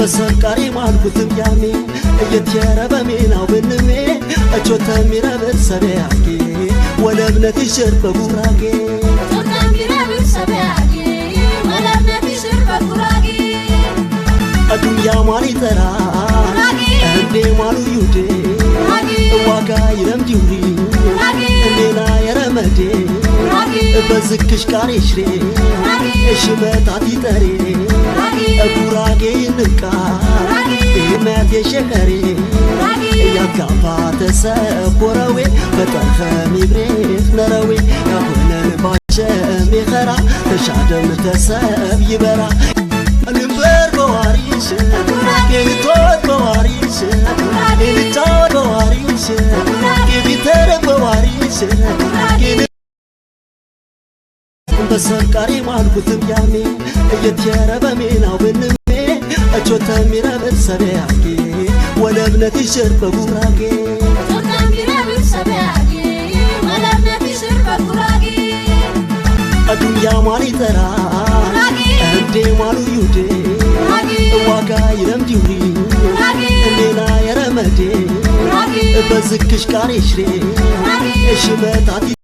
በሰርቃሪ ማልኩትም ያሜ እየትየረ በሜናው ብንሜ እቾተ ሚረብር ሰበያጌ ወደ እምነት ይሽር በጉራጌ አዱያ ማን ይጠራ እንዴ ማሉ ይሁዴ ዋጋ ይረምድ ይሁሪ የረመዴ በዝክሽ ቃሬ ሽሬ እሽበታት ይጠሬ ጉራጌ የሸሪ ያጋባ ተሰኮረዌ በጠርኸም ይብሬፍ ነረዌ ያሆነን ባሸም ይኸራ ተሻደም ተሰብ ይበራ ልንበር በዋሪሽ የልቶት በዋሪሽ የልጫወት በዋሪሽ የቢተር በዋሪሽ በሰርቃሪ ማልኩትም ያኔ እየትየረ በሜናው ብንሜ እቾተ ሚረብን ሰሪያጌ ወደ እምነትሽ በጉራጌ አዱኛ ማል ይጠራ እንዴ ማሉ ዩዴ ዋጋ ይረምዲሁ እንዴና የረመዴ በዝክሽ ቃሬ ሽሬ እሽመታት